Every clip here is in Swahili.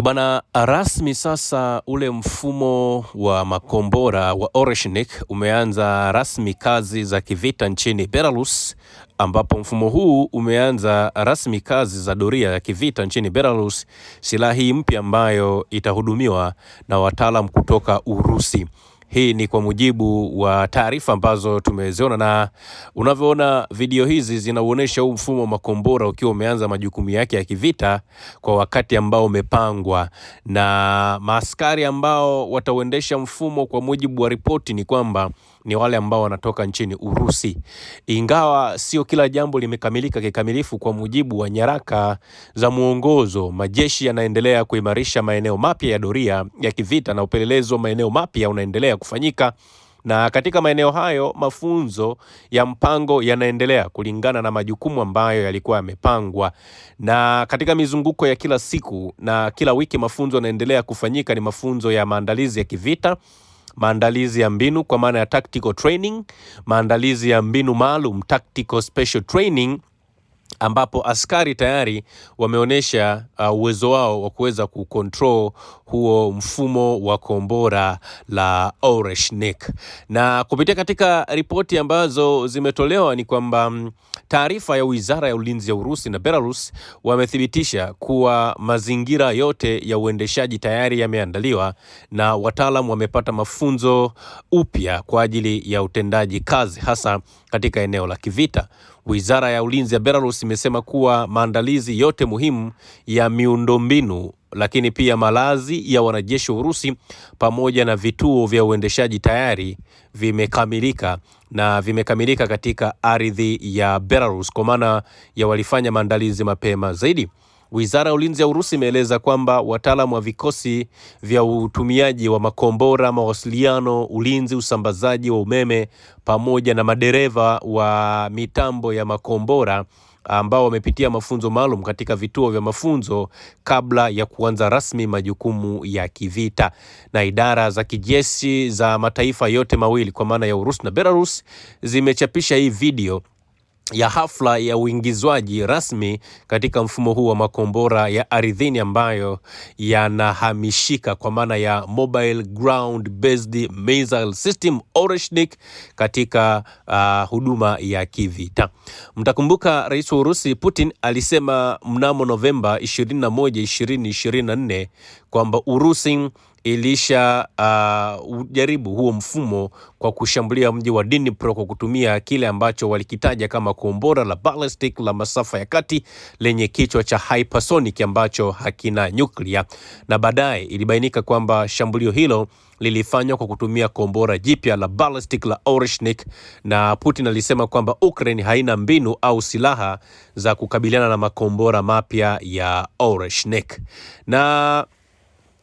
E bwana, ah, rasmi sasa ule mfumo wa makombora wa Oreshnik umeanza rasmi kazi za kivita nchini Belarus, ambapo mfumo huu umeanza rasmi kazi za doria ya kivita nchini Belarus, silaha hii mpya ambayo itahudumiwa na wataalam kutoka Urusi. Hii ni kwa mujibu wa taarifa ambazo tumeziona, na unavyoona video hizi zinauonyesha huu mfumo wa makombora ukiwa umeanza majukumu yake ya kivita kwa wakati ambao umepangwa, na maaskari ambao watauendesha mfumo, kwa mujibu wa ripoti ni kwamba ni wale ambao wanatoka nchini Urusi, ingawa sio kila jambo limekamilika kikamilifu. Kwa mujibu wa nyaraka za mwongozo, majeshi yanaendelea kuimarisha maeneo mapya ya doria ya kivita na upelelezi wa maeneo mapya unaendelea kufanyika na katika maeneo hayo mafunzo ya mpango yanaendelea kulingana na majukumu ambayo yalikuwa yamepangwa. Na katika mizunguko ya kila siku na kila wiki, mafunzo yanaendelea kufanyika, ni mafunzo ya maandalizi ya kivita maandalizi ya mbinu kwa maana ya tactical training, maandalizi ya mbinu maalum tactical special training ambapo askari tayari wameonyesha uh, uwezo uh, wao wa kuweza kucontrol huo mfumo wa kombora la Oreshnik. Na kupitia katika ripoti ambazo zimetolewa ni kwamba mm, taarifa ya Wizara ya Ulinzi ya Urusi na Belarus wamethibitisha kuwa mazingira yote ya uendeshaji tayari yameandaliwa na wataalam wamepata mafunzo upya kwa ajili ya utendaji kazi hasa katika eneo la kivita. Wizara ya Ulinzi ya Belarus imesema kuwa maandalizi yote muhimu ya miundombinu lakini pia malazi ya wanajeshi wa Urusi pamoja na vituo vya uendeshaji tayari vimekamilika na vimekamilika katika ardhi ya Belarus, kwa maana ya walifanya maandalizi mapema zaidi. Wizara ya Ulinzi ya Urusi imeeleza kwamba wataalamu wa vikosi vya utumiaji wa makombora, mawasiliano, ulinzi, usambazaji wa umeme pamoja na madereva wa mitambo ya makombora ambao wamepitia mafunzo maalum katika vituo vya mafunzo kabla ya kuanza rasmi majukumu ya kivita. Na idara za kijeshi za mataifa yote mawili kwa maana ya Urusi na Belarus zimechapisha hii video ya hafla ya uingizwaji rasmi katika mfumo huu wa makombora ya ardhini ambayo yanahamishika kwa maana ya Mobile Ground Based Missile System Oreshnik katika uh, huduma ya kivita. Mtakumbuka Rais wa Urusi Putin alisema mnamo Novemba 21, 2024 kwamba Urusi ilisha uh, ujaribu huo mfumo kwa kushambulia mji wa Dnipro kwa kutumia kile ambacho walikitaja kama kombora la ballistic la masafa ya kati lenye kichwa cha hypersonic ambacho hakina nyuklia, na baadaye ilibainika kwamba shambulio hilo lilifanywa kwa kutumia kombora jipya la ballistic la Oreshnik, na Putin alisema kwamba Ukraine haina mbinu au silaha za kukabiliana na makombora mapya ya Oreshnik na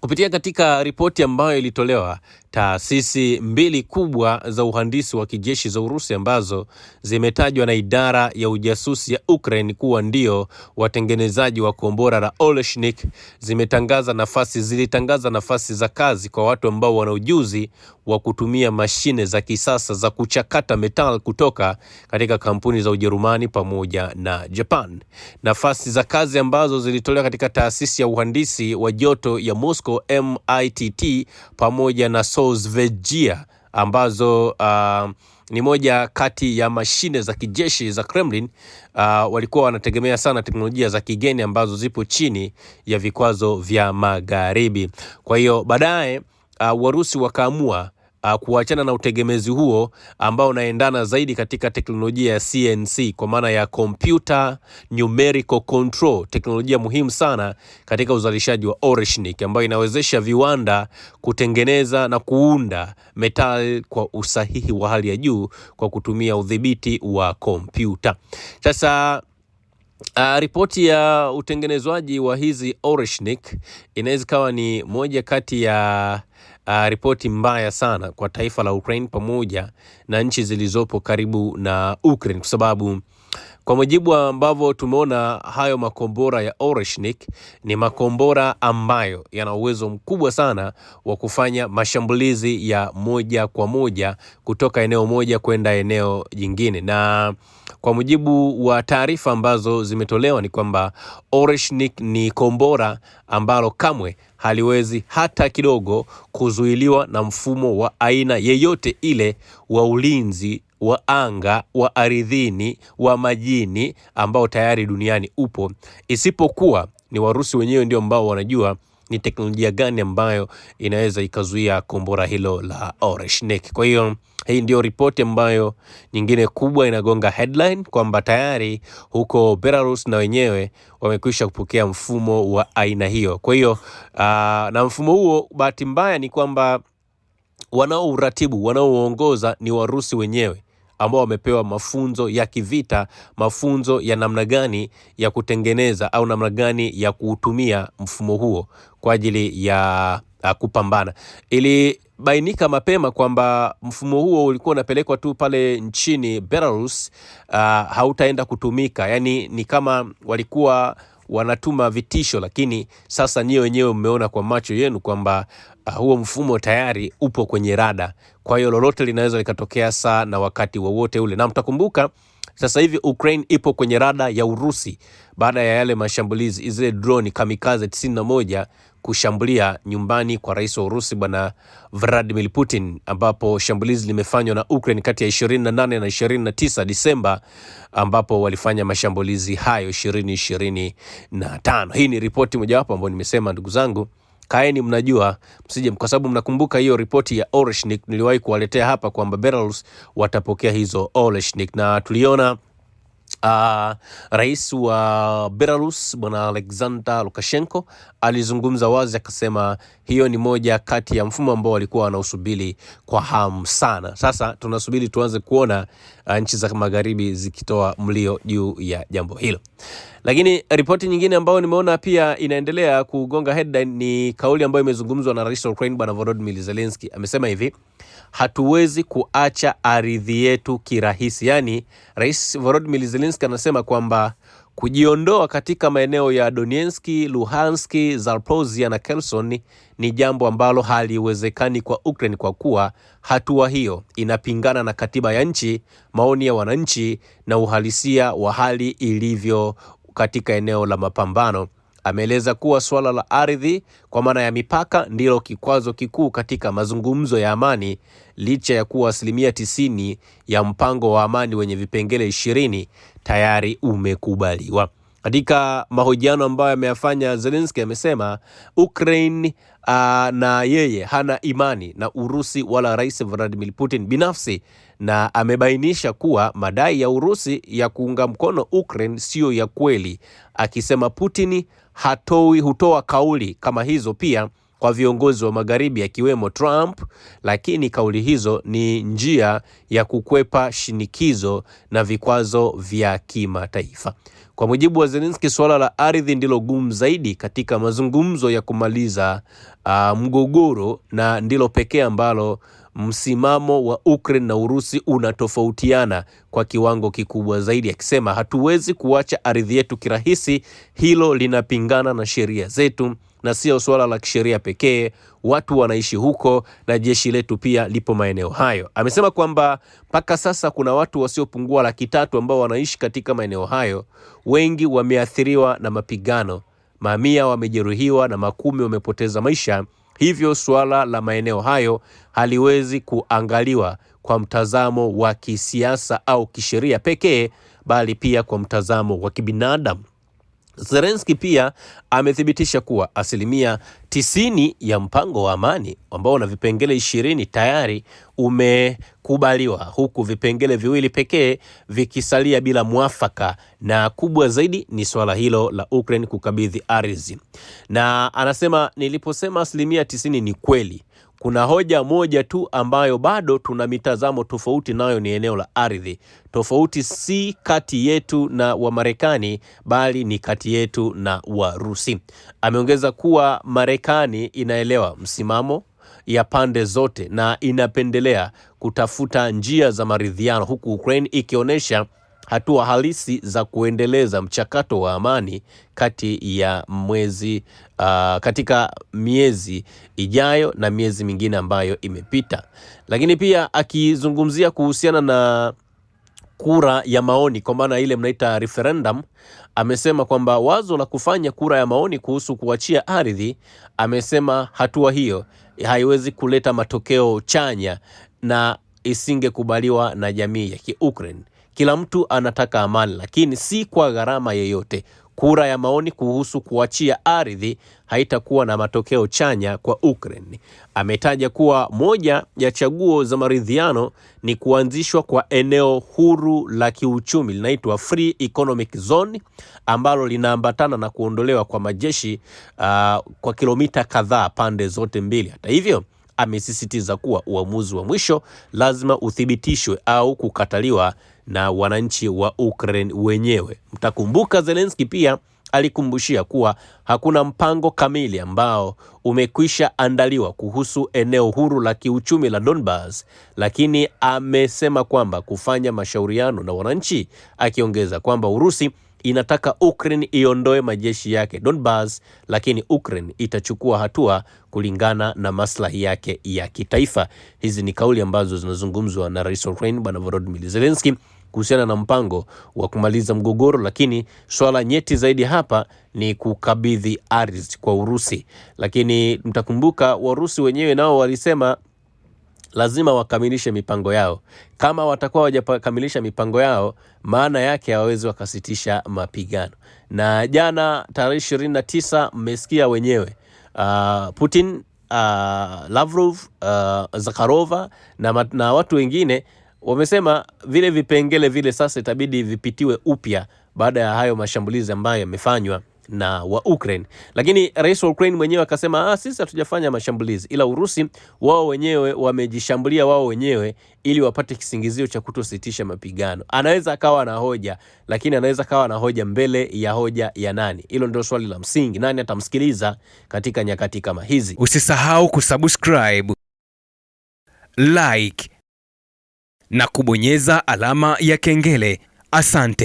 kupitia katika ripoti ambayo ilitolewa taasisi mbili kubwa za uhandisi wa kijeshi za Urusi ambazo zimetajwa na idara ya ujasusi ya Ukraine kuwa ndio watengenezaji wa kombora la Oleshnik zimetangaza nafasi zilitangaza nafasi za kazi kwa watu ambao wana ujuzi wa kutumia mashine za kisasa za kuchakata metal kutoka katika kampuni za Ujerumani pamoja na Japan. Nafasi za kazi ambazo zilitolewa katika taasisi ya uhandisi wa joto ya Moscow MITT pamoja na Sols ambazo uh, ni moja kati ya mashine za kijeshi za Kremlin. Uh, walikuwa wanategemea sana teknolojia za kigeni ambazo zipo chini ya vikwazo vya magharibi. Kwa hiyo baadaye uh, Warusi wakaamua uh, kuachana na utegemezi huo ambao unaendana zaidi katika teknolojia ya CNC kwa maana ya computer numerical control, teknolojia muhimu sana katika uzalishaji wa oreshnik ambayo inawezesha viwanda kutengeneza na kuunda metal kwa usahihi wa hali ya juu kwa kutumia udhibiti wa kompyuta. Sasa Uh, ripoti ya utengenezwaji wa hizi oreshnik inaweza ikawa ni moja kati ya uh, ripoti mbaya sana kwa taifa la Ukraine pamoja na nchi zilizopo karibu na Ukraine kwa sababu kwa mujibu ambavyo tumeona, hayo makombora ya Oreshnik ni makombora ambayo yana uwezo mkubwa sana wa kufanya mashambulizi ya moja kwa moja kutoka eneo moja kwenda eneo jingine, na kwa mujibu wa taarifa ambazo zimetolewa ni kwamba Oreshnik ni kombora ambalo kamwe haliwezi hata kidogo kuzuiliwa na mfumo wa aina yeyote ile wa ulinzi wa anga, wa ardhini, wa majini ambao tayari duniani upo, isipokuwa ni Warusi wenyewe ndio ambao wanajua ni teknolojia gani ambayo inaweza ikazuia kombora hilo la Oreshnik. Kwa hiyo hii ndio ripoti ambayo nyingine kubwa inagonga headline kwamba tayari huko Belarus na wenyewe wamekwisha kupokea mfumo wa aina hiyo. Kwa hiyo uh, na mfumo huo bahati mbaya ni kwamba wanaouratibu wanaouongoza ni Warusi wenyewe ambao wamepewa mafunzo ya kivita, mafunzo ya namna gani ya kutengeneza au namna gani ya kuutumia mfumo huo kwa ajili ya a, uh, kupambana. Ilibainika mapema kwamba mfumo huo ulikuwa unapelekwa tu pale nchini Belarus, uh, hautaenda kutumika, yaani ni kama walikuwa wanatuma vitisho, lakini sasa nyie wenyewe mmeona kwa macho yenu kwamba uh, huo mfumo tayari upo kwenye rada. Kwa hiyo lolote linaweza likatokea saa na wakati wowote wa ule, na mtakumbuka sasa hivi Ukraine ipo kwenye rada ya Urusi baada ya yale mashambulizi, zile droni kamikaze 91 kushambulia nyumbani kwa rais wa Urusi Bwana Vladimir Putin, ambapo shambulizi limefanywa na Ukraine kati ya 28 na 29 Disemba, ambapo walifanya mashambulizi hayo 2025. Hii ni ripoti mojawapo ambayo nimesema, ndugu zangu Kaeni mnajua msije, kwa sababu mnakumbuka hiyo ripoti ya Oreshnik niliwahi kuwaletea hapa kwamba Belarus watapokea hizo Oreshnik na tuliona Uh, rais wa Belarus bwana Alexander Lukashenko alizungumza wazi akasema hiyo ni moja kati ya mfumo ambao walikuwa wanausubiri kwa hamu sana. Sasa tunasubiri tuanze kuona uh, nchi za magharibi zikitoa mlio juu ya jambo hilo. Lakini ripoti nyingine ambayo nimeona pia inaendelea kugonga headline ni kauli ambayo imezungumzwa na rais wa Ukraine Bwana Volodymyr Zelensky. Amesema hivi, hatuwezi kuacha ardhi yetu kirahisi. Yaani Rais Volodymyr Zelensky anasema kwamba Kujiondoa katika maeneo ya Donetsk, Luhansk, Zaporozhia na Kherson ni jambo ambalo haliwezekani kwa Ukraine kwa kuwa hatua hiyo inapingana na katiba ya nchi, maoni ya wananchi na uhalisia wa hali ilivyo katika eneo la mapambano Ameeleza kuwa suala la ardhi kwa maana ya mipaka ndilo kikwazo kikuu katika mazungumzo ya amani licha ya kuwa asilimia tisini ya mpango wa amani wenye vipengele ishirini tayari umekubaliwa. Katika mahojiano ambayo ameyafanya, Zelensky amesema Ukraine uh, na yeye hana imani na Urusi wala Rais Vladimir Putin binafsi na amebainisha kuwa madai ya Urusi ya kuunga mkono Ukraine siyo ya kweli, akisema Putin hatoi hutoa kauli kama hizo pia kwa viongozi wa magharibi akiwemo Trump, lakini kauli hizo ni njia ya kukwepa shinikizo na vikwazo vya kimataifa. Kwa mujibu wa Zelensky, suala la ardhi ndilo gumu zaidi katika mazungumzo ya kumaliza uh, mgogoro na ndilo pekee ambalo msimamo wa Ukraine na Urusi unatofautiana kwa kiwango kikubwa zaidi, akisema hatuwezi kuacha ardhi yetu kirahisi, hilo linapingana na sheria zetu na sio suala la kisheria pekee. Watu wanaishi huko na jeshi letu pia lipo maeneo hayo. Amesema kwamba mpaka sasa kuna watu wasiopungua laki tatu ambao wanaishi katika maeneo hayo, wengi wameathiriwa na mapigano, mamia wamejeruhiwa na makumi wamepoteza maisha Hivyo suala la maeneo hayo haliwezi kuangaliwa kwa mtazamo wa kisiasa au kisheria pekee, bali pia kwa mtazamo wa kibinadamu. Zelensky pia amethibitisha kuwa asilimia tisini ya mpango wa amani ambao una vipengele ishirini tayari umekubaliwa huku vipengele viwili pekee vikisalia bila mwafaka, na kubwa zaidi ni swala hilo la Ukraine kukabidhi ardhi. Na anasema niliposema asilimia tisini ni kweli, kuna hoja moja tu ambayo bado tuna mitazamo tofauti nayo, ni eneo la ardhi. Tofauti si kati yetu na Wamarekani bali ni kati yetu na Warusi. Ameongeza kuwa Marekani inaelewa msimamo ya pande zote na inapendelea kutafuta njia za maridhiano, huku Ukraine ikionyesha hatua halisi za kuendeleza mchakato wa amani kati ya mwezi uh, katika miezi ijayo na miezi mingine ambayo imepita. Lakini pia akizungumzia kuhusiana na kura ya maoni kwa maana ile mnaita referendum, amesema kwamba wazo la kufanya kura ya maoni kuhusu kuachia ardhi, amesema hatua hiyo haiwezi kuleta matokeo chanya na isingekubaliwa na jamii ya Kiukraine. Kila mtu anataka amani, lakini si kwa gharama yeyote. Kura ya maoni kuhusu kuachia ardhi haitakuwa na matokeo chanya kwa Ukraine. Ametaja kuwa moja ya chaguo za maridhiano ni kuanzishwa kwa eneo huru la kiuchumi linaitwa Free Economic Zone ambalo linaambatana na kuondolewa kwa majeshi uh, kwa kilomita kadhaa pande zote mbili. Hata hivyo, amesisitiza kuwa uamuzi wa mwisho lazima uthibitishwe au kukataliwa na wananchi wa Ukraine wenyewe. Mtakumbuka Zelensky pia alikumbushia kuwa hakuna mpango kamili ambao umekwisha andaliwa kuhusu eneo huru la kiuchumi la Donbas, lakini amesema kwamba kufanya mashauriano na wananchi, akiongeza kwamba Urusi inataka Ukraine iondoe majeshi yake Donbas, lakini Ukraine itachukua hatua kulingana na maslahi yake ya kitaifa. Hizi ni kauli ambazo zinazungumzwa na Rais wa Ukraine Bwana Volodymyr Zelensky kuhusiana na mpango wa kumaliza mgogoro, lakini swala nyeti zaidi hapa ni kukabidhi ardhi kwa Urusi. Lakini mtakumbuka Warusi wenyewe nao walisema lazima wakamilishe mipango yao. Kama watakuwa wajakamilisha mipango yao, maana yake hawawezi wakasitisha mapigano. Na jana tarehe ishirini na tisa mmesikia wenyewe uh, Putin Uh, Lavrov, uh, Zakharova na, na watu wengine Wamesema vile vipengele vile sasa itabidi vipitiwe upya baada ya hayo mashambulizi ambayo yamefanywa na wa Ukraine. Lakini rais wa Ukraine mwenyewe akasema, ah, sisi hatujafanya mashambulizi, ila Urusi wao wenyewe wamejishambulia wao wenyewe ili wapate kisingizio cha kutositisha mapigano. Anaweza akawa na hoja, lakini anaweza akawa na hoja mbele ya hoja ya nani? Hilo ndio swali la msingi, nani atamsikiliza katika nyakati kama hizi? Usisahau kusubscribe, like na kubonyeza alama ya kengele. Asante.